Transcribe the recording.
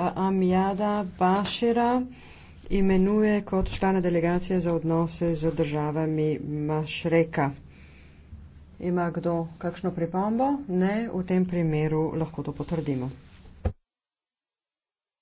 Amjada Bašera imenuje kot člana delegacije za odnose z državami Mašreka. Ima kdo kakšno pripombo? Ne, v tem primeru lahko to potrdimo.